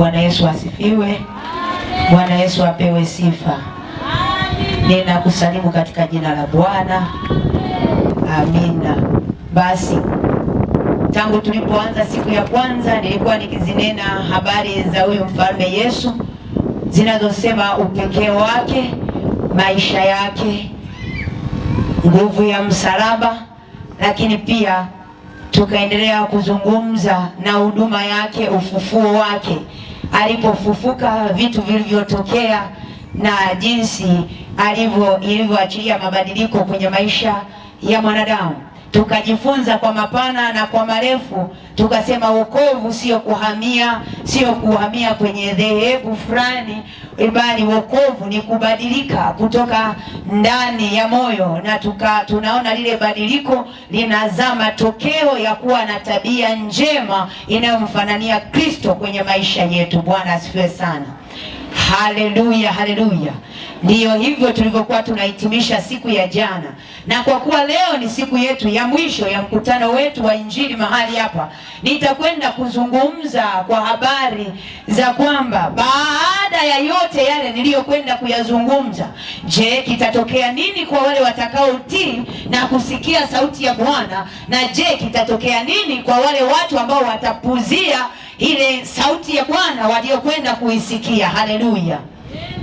Bwana Yesu asifiwe. Bwana Yesu apewe sifa. Ninakusalimu katika jina la Bwana. Amina. Basi tangu tulipoanza siku ya kwanza nilikuwa nikizinena habari za huyu mfalme Yesu zinazosema upekee wake, maisha yake, nguvu ya msalaba, lakini pia tukaendelea kuzungumza na huduma yake, ufufuo wake alipofufuka, vitu vilivyotokea na jinsi ilivyoachilia mabadiliko kwenye maisha ya mwanadamu tukajifunza kwa mapana na kwa marefu, tukasema wokovu sio kuhamia, sio kuhamia kwenye dhehebu fulani, bali wokovu ni kubadilika kutoka ndani ya moyo, na tuka, tunaona lile badiliko linazaa matokeo ya kuwa na tabia njema inayomfanania Kristo kwenye maisha yetu. Bwana asifiwe sana. Haleluya, haleluya! Ndiyo hivyo tulivyokuwa tunahitimisha siku ya jana, na kwa kuwa leo ni siku yetu ya mwisho ya mkutano wetu wa injili mahali hapa, nitakwenda kuzungumza kwa habari za kwamba baada ya yote yale niliyokwenda kuyazungumza, je, kitatokea nini kwa wale watakaotii na kusikia sauti ya Bwana? Na je, kitatokea nini kwa wale watu ambao watapuzia ile sauti ya Bwana waliokwenda kuisikia. Haleluya,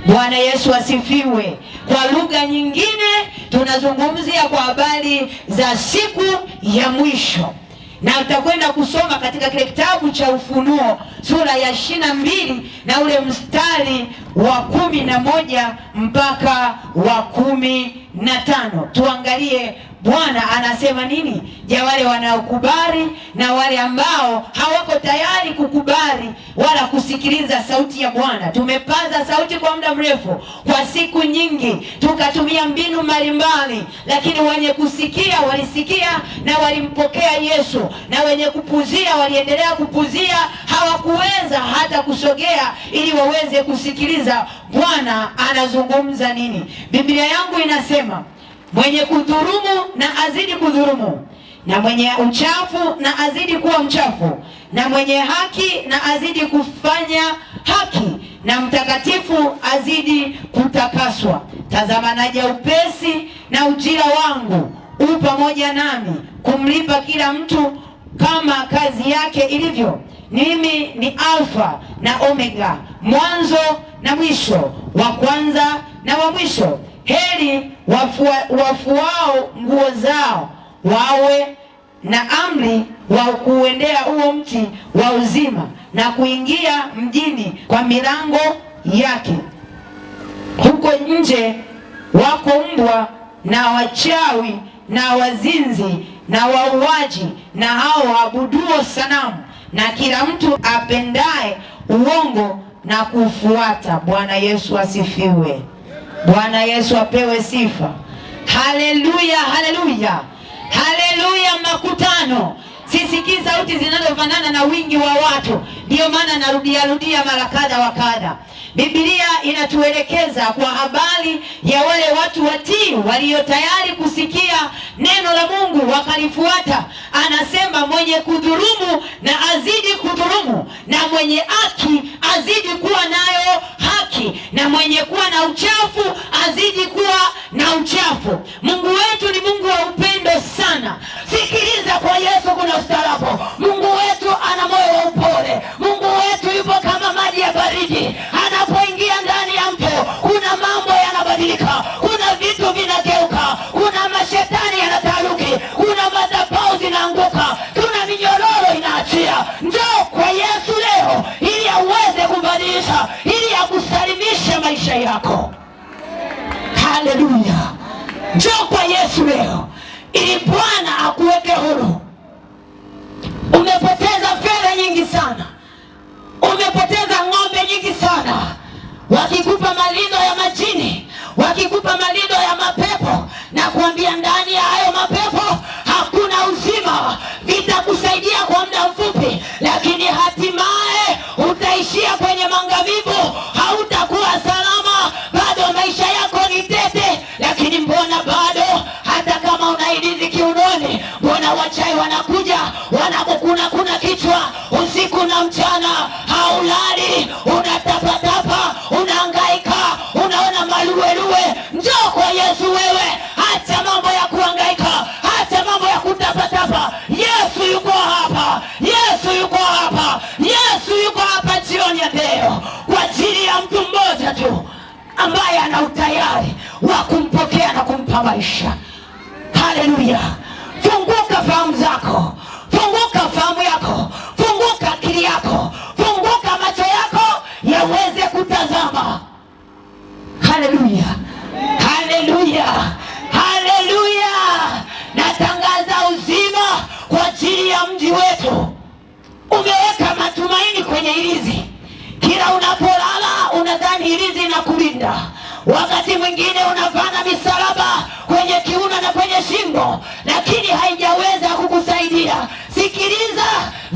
Bwana Yesu asifiwe. Kwa lugha nyingine tunazungumzia kwa habari za siku ya mwisho na tutakwenda kusoma katika kile kitabu cha Ufunuo sura ya ishirini na mbili na ule mstari wa kumi na moja mpaka wa kumi na tano tuangalie Bwana anasema nini? Je, wale wanaokubali na wale ambao hawako tayari kukubali wala kusikiliza sauti ya Bwana. Tumepaza sauti kwa muda mrefu, kwa siku nyingi, tukatumia mbinu mbalimbali, lakini wenye kusikia walisikia na walimpokea Yesu, na wenye kupuzia waliendelea kupuzia, hawakuweza hata kusogea ili waweze kusikiliza Bwana anazungumza nini. Biblia yangu inasema mwenye kudhurumu na azidi kudhurumu, na mwenye uchafu na azidi kuwa mchafu, na mwenye haki na azidi kufanya haki, na mtakatifu azidi kutakaswa. Tazama, naja upesi, na ujira wangu u pamoja nami kumlipa kila mtu kama kazi yake ilivyo. Mimi ni Alfa na Omega, mwanzo na mwisho, wa kwanza na wa mwisho heri wafua, wafuao nguo zao wawe na amri wa kuuendea huo mti wa uzima na kuingia mjini kwa milango yake. Huko nje wako mbwa na wachawi na wazinzi na wauaji na hao waabuduo sanamu na kila mtu apendaye uongo na kufuata. Bwana Yesu asifiwe. Bwana Yesu apewe sifa. Haleluya, haleluya, haleluya. Makutano sisikii sauti zinazofanana na wingi wa watu, ndiyo maana narudia rudia mara kadha wa kadha. Biblia inatuelekeza kwa habari ya wale watu watii walio tayari kusikia neno la Mungu wakalifuata. Anasema mwenye kudhulumu na azidi kudhulumu, na mwenye haki azidi kuwa na mwenye kuwa na uchafu azidi kuwa na uchafu. yako. Haleluya! Njoo kwa Yesu leo ili Bwana akuweke huru. Umepoteza fedha nyingi sana, umepoteza ng'ombe nyingi sana. Wakikupa malindo ya majini, wakikupa malindo ya mapepo na kuambia ndani ya hayo mapepo hakuna uzima, vitakusaidia kwa muda mfupi, lakini hatimaye utaishia kwenye mangamivu. Vijana wachai wanakuja wanakukuna kuna kichwa usiku na mchana, haulali, unatapatapa, unaangaika unaona maluweluwe Njoo kwa Yesu wewe, hata mambo ya kuangaika hata mambo ya kutapatapa. Yesu yuko hapa, Yesu yuko hapa, Yesu yuko hapa jioni ya leo kwa ajili ya mtu mmoja tu ambaye ana utayari wa kumpokea na kumpa maisha. Haleluya! Funguka fahamu zako, funguka fahamu yako, funguka akili yako, funguka macho yako yaweze kutazama. Haleluya, haleluya, haleluya! Natangaza uzima kwa ajili ya mji wetu. Umeweka matumaini kwenye ilizi kila unapolala unadhani hirizi inakulinda Wakati mwingine unapanda misalaba kwenye kiuno na kwenye shingo, lakini haijaweza kukusaidia. Sikiliza,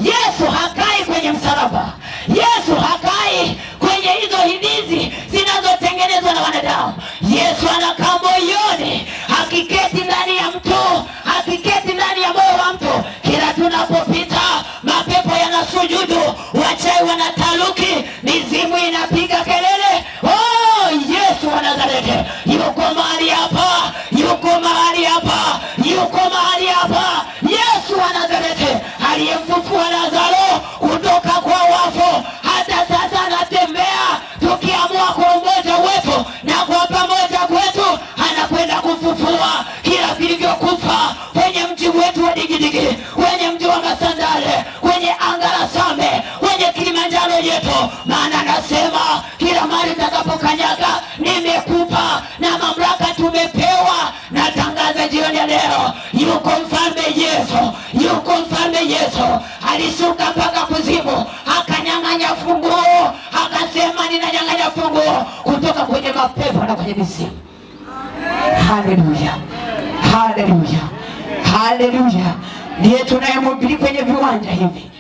Yesu hakai kwenye msalaba. Yesu hakai kwenye hizo hidizi zinazotengenezwa na wanadamu. Yesu anakaa moyoni, hakiketi ndani ya mtu, hakiketi ndani ya moyo wa mtu. Kila tunapopita mapepo yanasujudu, wachai wanataluki, mizimu inapiga kelele tuko mahali hapa. Yesu wa Nazareti aliyemfufua Yesu alishuka mpaka kuzimu, akanyang'anya funguo, akasema ninanyang'anya funguo kutoka kwenye mapepo na kwenye mizimu. Haleluya, haleluya, haleluya! Ndiye tunayemhubiri kwenye viwanja hivi,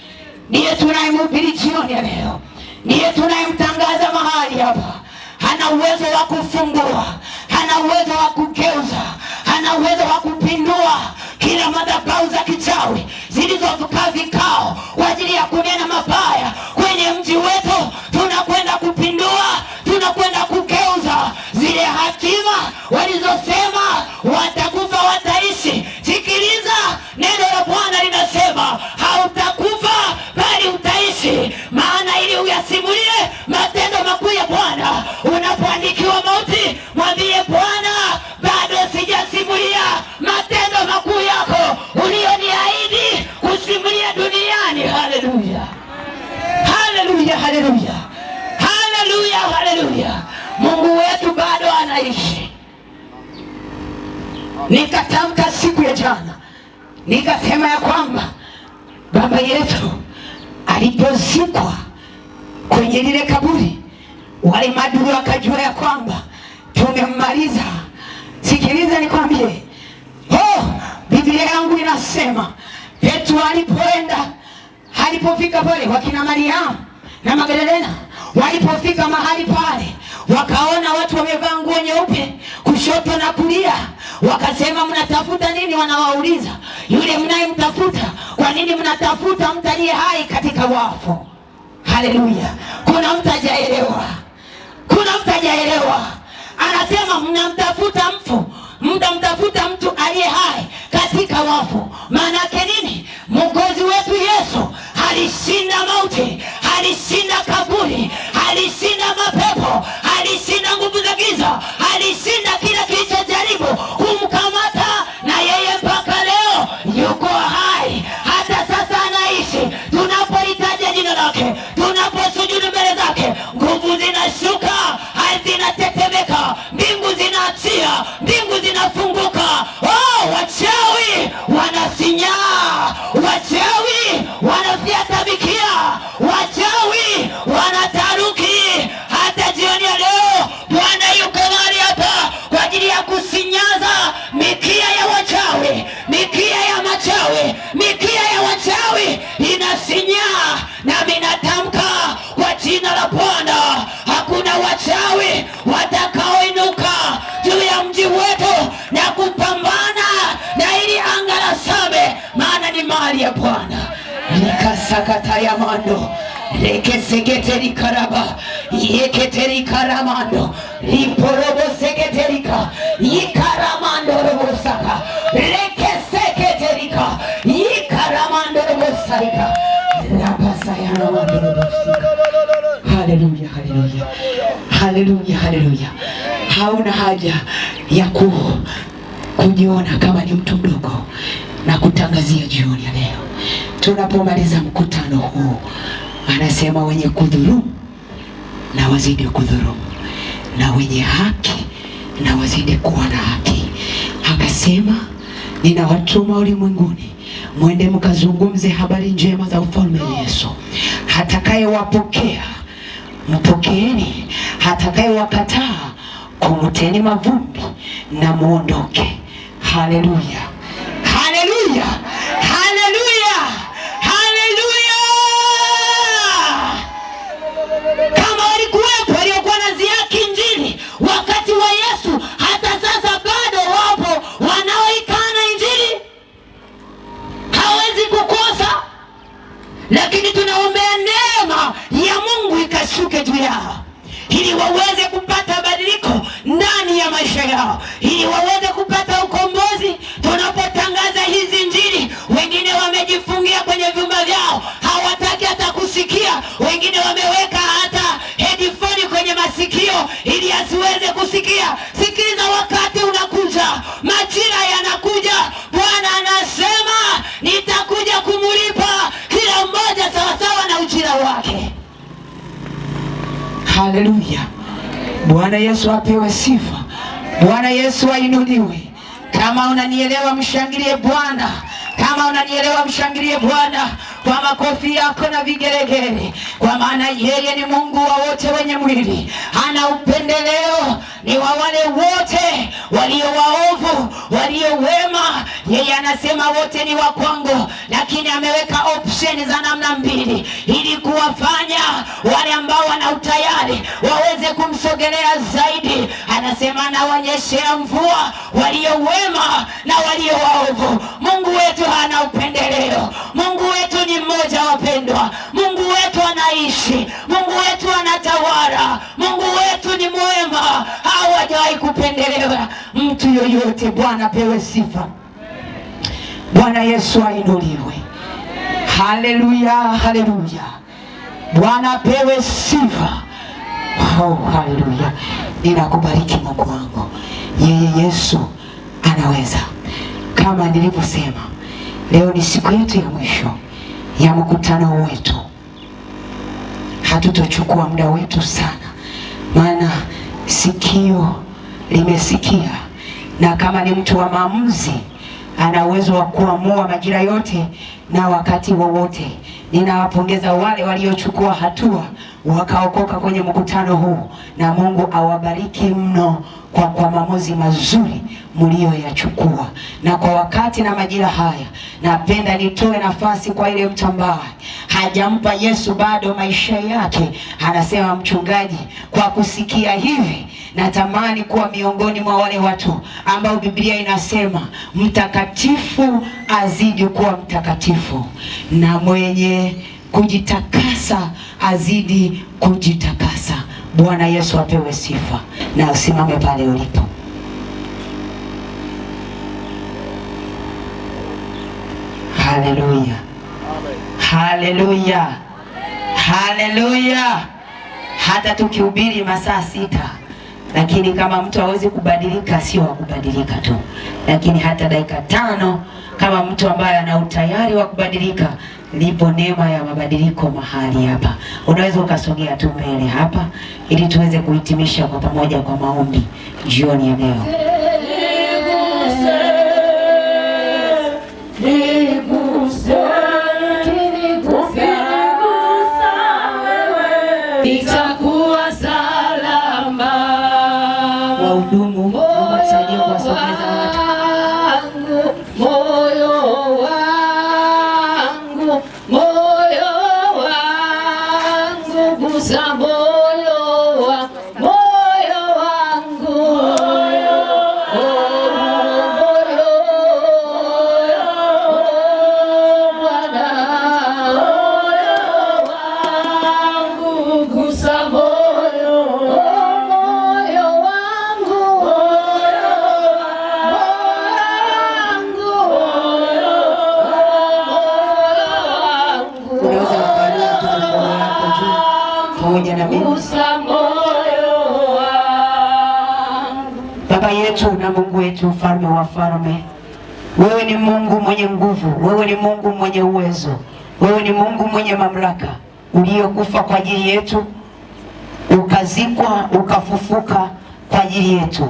ndiye tunayemhubiri jioni ya leo, ndiye tunayemtangaza mahali hapa. Hana uwezo wa kufungua, hana uwezo wa kugeuza, hana uwezo wa kupindua kila madhabahu za kichawi zilizovuka vikao kwa ajili ya kunena mabaya kwenye mji wetu, tunakwenda kupindua, tunakwenda kukeo Baba yetu alipozikwa kwenye lile kaburi, wale maadui wakajua ya kwamba tumemmaliza. Sikiliza nikwambie, oh, Biblia yangu inasema Petro alipoenda alipofika pale, wakina Mariamu na Magdalena walipofika mahali pale, wakaona watu wamevaa nguo nyeupe kushoto na kulia Wakasema, mnatafuta nini? Wanawauliza, yule mnayemtafuta kwa nini mnatafuta mtu aliye hai katika wafu? Haleluya! Kuna mtu hajaelewa, kuna mtu hajaelewa. Anasema mnamtafuta mfu, mtamtafuta mtu aliye hai katika wafu. Maana yake nini? Mwokozi wetu Yesu alishinda mauti, alishinda kaburi, alishinda mapepo, alishinda nguvu za giza, alishinda kila kilichojaribu zake, tunaposujudu mbele zake, nguvu zinashuka, ardhi inatetemeka. Haleluya. Hauna haja ya ku kujiona kama ni mtu mdogo, na kutangazia jioni ya leo tunapomaliza mkutano huu, anasema wenye kudhurumu na wazidi kudhurumu, na wenye haki na wazidi kuwa na haki. Akasema, ninawatuma ulimwenguni mwende mkazungumze habari njema za ufalme wa Yesu, hatakayewapokea mpokeeni, hatakayewakataa kumuteni mavumbi na muondoke. Haleluya. ikashuke juu yao ili waweze kupata badiliko ndani ya maisha yao, ili waweze kupata ukombozi tunapotangaza Bwana Yesu apewe sifa, Bwana Yesu ainuliwe. Kama unanielewa mshangilie Bwana, kama unanielewa mshangilie Bwana kwa makofi yako na vigelegele, kwa maana yeye ni Mungu wa wote wenye mwili, hana upendeleo ni wa anasema wote ni wa kwangu, lakini ameweka option za namna mbili ili kuwafanya wale ambao wana utayari waweze kumsogelea zaidi. Anasema anaonyeshea mvua walio wema na walio waovu. Mungu wetu hana upendeleo. Mungu wetu ni mmoja, wapendwa. Mungu wetu anaishi, Mungu wetu anatawala, Mungu wetu ni mwema, hawajawahi kupendelewa mtu yoyote. Bwana pewe sifa. Bwana Yesu ainuliwe. Haleluya, haleluya. Bwana pewe sifa. Oh, haleluya. Ninakubariki Mungu wangu. Yeye Yesu anaweza. Kama nilivyosema, leo ni siku yetu ya mwisho ya mkutano wetu. Hatutochukua muda wetu sana, maana sikio limesikia, na kama ni mtu wa maamuzi ana uwezo wa kuamua majira yote na wakati wowote. Ninawapongeza wale waliochukua hatua wakaokoka kwenye mkutano huu, na Mungu awabariki mno kwa, kwa maamuzi mazuri mlioyachukua na kwa wakati na majira haya. Napenda nitoe nafasi kwa ile mtu ambaye hajampa Yesu bado maisha yake. Anasema mchungaji, kwa kusikia hivi Natamani kuwa miongoni mwa wale watu ambao Biblia inasema mtakatifu azidi kuwa mtakatifu na mwenye kujitakasa azidi kujitakasa. Bwana Yesu apewe sifa, na usimame pale ulipo. Haleluya, haleluya, haleluya! Hata tukihubiri masaa sita lakini kama mtu hawezi kubadilika, sio wa kubadilika tu, lakini hata dakika tano, kama mtu ambaye ana utayari wa kubadilika, lipo neema ya mabadiliko mahali hapa. Unaweza ukasogea tu mbele hapa, ili tuweze kuhitimisha kwa pamoja kwa maombi jioni ya leo. pamoja na Baba yetu na Mungu wetu, mfalme wa falme, wewe ni Mungu mwenye nguvu, wewe ni Mungu mwenye uwezo, wewe ni Mungu mwenye mamlaka, uliyokufa kwa ajili yetu, ukazikwa, ukafufuka kwa ajili yetu.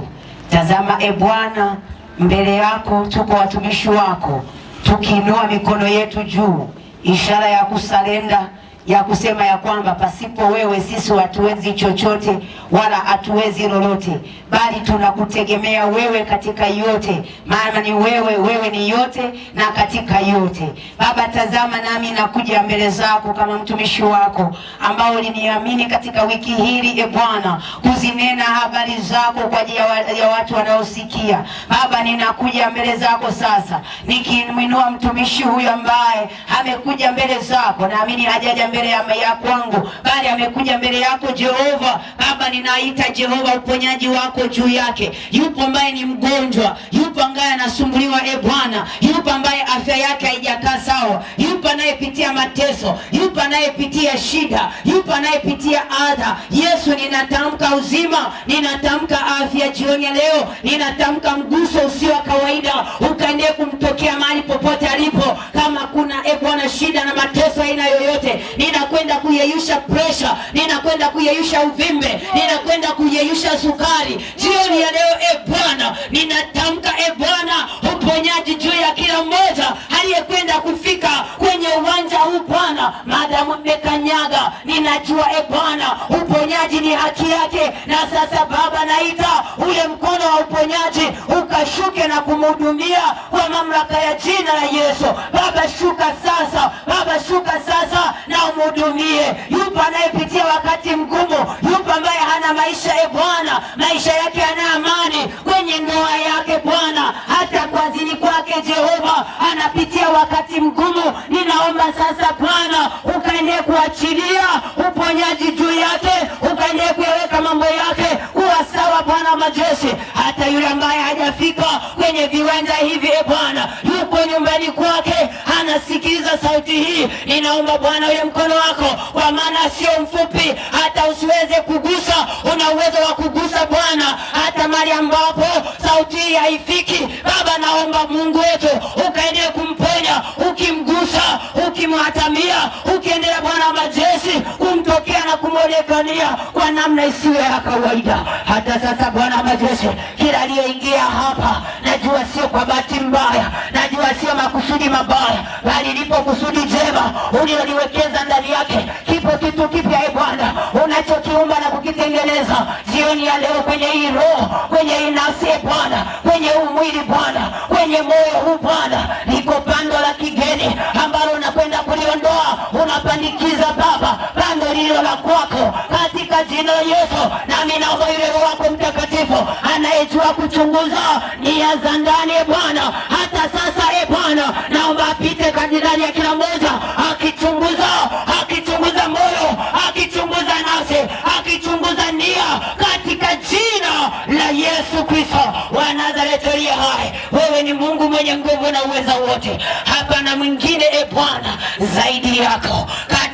Tazama e Bwana, mbele yako tuko watumishi wako, tukiinua mikono yetu juu, ishara ya kusalenda ya kusema ya kwamba pasipo wewe sisi hatuwezi chochote wala hatuwezi lolote, bali tunakutegemea wewe katika yote, maana ni wewe, wewe ni yote na katika yote. Baba, tazama nami nakuja mbele zako kama mtumishi wako ambao uliniamini katika wiki hili, e Bwana, kuzinena habari zako kwa ajili ya watu wanaosikia. Baba, ninakuja mbele zako sasa nikimwinua mtumishi huyu ambaye amekuja mbele zako, naamini hajaja mbele ya kwangu, bali amekuja mbele yako Jehova. Baba, ninaita Jehova uponyaji wako juu yake. Yupo ambaye ni mgonjwa, yupo ambaye anasumbuliwa, e Bwana, yupo ambaye afya yake haijakaa sawa, yupo anayepitia mateso, yupo anayepitia shida, yupo anayepitia adha. Yesu, ninatamka uzima, ninatamka afya jioni ya leo, ninatamka mguso usio wa kawaida ukaendelee kumtokea mahali popote alipo. Kama kuna e Bwana shida na mateso aina yoyote ninakwenda kuyeyusha presha, ninakwenda kuyeyusha uvimbe, ninakwenda kuyeyusha sukari jioni ya leo. E Bwana, ninatamka e Bwana uponyaji juu ya kila mmoja aliyekwenda kufika kwenye uwanja huu Bwana, maadamu mmekanyaga, ninajua e Bwana uponyaji ni haki yake. Na sasa Baba, naita ule mkono wa uponyaji ukashuke na kumhudumia kwa mamlaka ya jina la Yesu. Baba shuka sasa, Baba shuka sasa na muhudumie. Yupo anayepitia wakati mgumu, yupo ambaye hana maisha. E Bwana, maisha yake yana amani kwenye ndoa yake Bwana, hata kuazini kwake Jehova, anapitia wakati mgumu. Ninaomba sasa Bwana, ukaendee kuachilia uponyaji juu yake, ukaendee kuyaweka mambo yake Bwana majeshi, hata yule ambaye hajafika kwenye viwanja hivi, e Bwana, yuko nyumbani kwake anasikiliza sauti hii, ninaomba Bwana ule mkono wako, kwa maana sio mfupi hata usiweze kugusa. Una uwezo wa kugusa Bwana hata mali ambapo sauti hii haifiki. Baba, naomba Mungu wetu ukaendelee ukimwatamia, ukiendelea Bwana wa majeshi kumtokea na kumwonekania kwa namna isiyo ya kawaida. Hata sasa Bwana wa majeshi, kila aliyeingia hapa, najua sio kwa bahati mbaya, najua sio makusudi mabaya, bali lipo kusudi jema uliloliwekeza ndani yake. Kipo kitu kipya, e Bwana, unachokiumba na kukitengeneza jioni ya leo kwenye hii roho, kwenye hii nafsi, e Bwana, kwenye huu mwili Bwana, kwenye moyo huu Bwana, pando nami naomba yule Roho wako Mtakatifu anayejua kuchunguza nia za ndani, e Bwana, hata sasa e Bwana, naomba apite ndani ya kila mmoja akichunguza, akichunguza moyo, akichunguza nafsi, akichunguza nia, katika jina la Yesu Kristo wa Nazareti aliye hai. Wewe ni Mungu mwenye nguvu na uweza wote, hapana mwingine e Bwana zaidi yako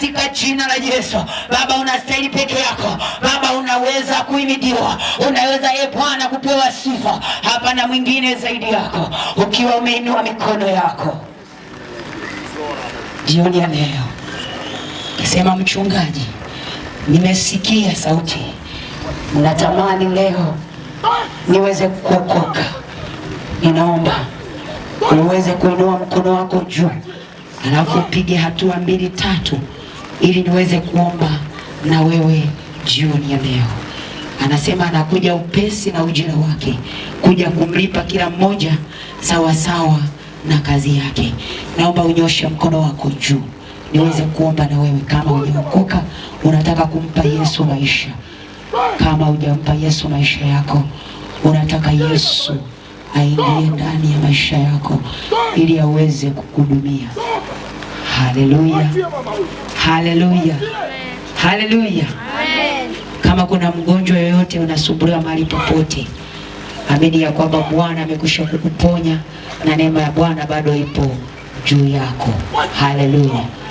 katika jina la Yesu. Baba, unastahili peke yako Baba, unaweza kuimidiwa, unaweza e Bwana kupewa sifa, hapana mwingine zaidi yako, ukiwa umeinua mikono yako jioni ya leo. Sema mchungaji, nimesikia sauti, natamani leo niweze kuokoka. Ninaomba uweze kuinua mkono wako juu, alafu upige hatua mbili tatu ili niweze kuomba na wewe jioni ya leo. Anasema anakuja upesi na ujira wake, kuja kumlipa kila mmoja sawa sawa na kazi yake. Naomba unyoshe mkono wako juu niweze kuomba na wewe. Kama ujaokoka unataka kumpa Yesu maisha, kama hujampa Yesu maisha yako, unataka Yesu aingie ndani ya maisha yako ili aweze kukuhudumia. Haleluya, haleluya, haleluya. Kama kuna mgonjwa yoyote unasumbuliwa mahali popote, amini ya kwamba Bwana amekwisha kukuponya na neema ya Bwana bado ipo juu yako. Haleluya.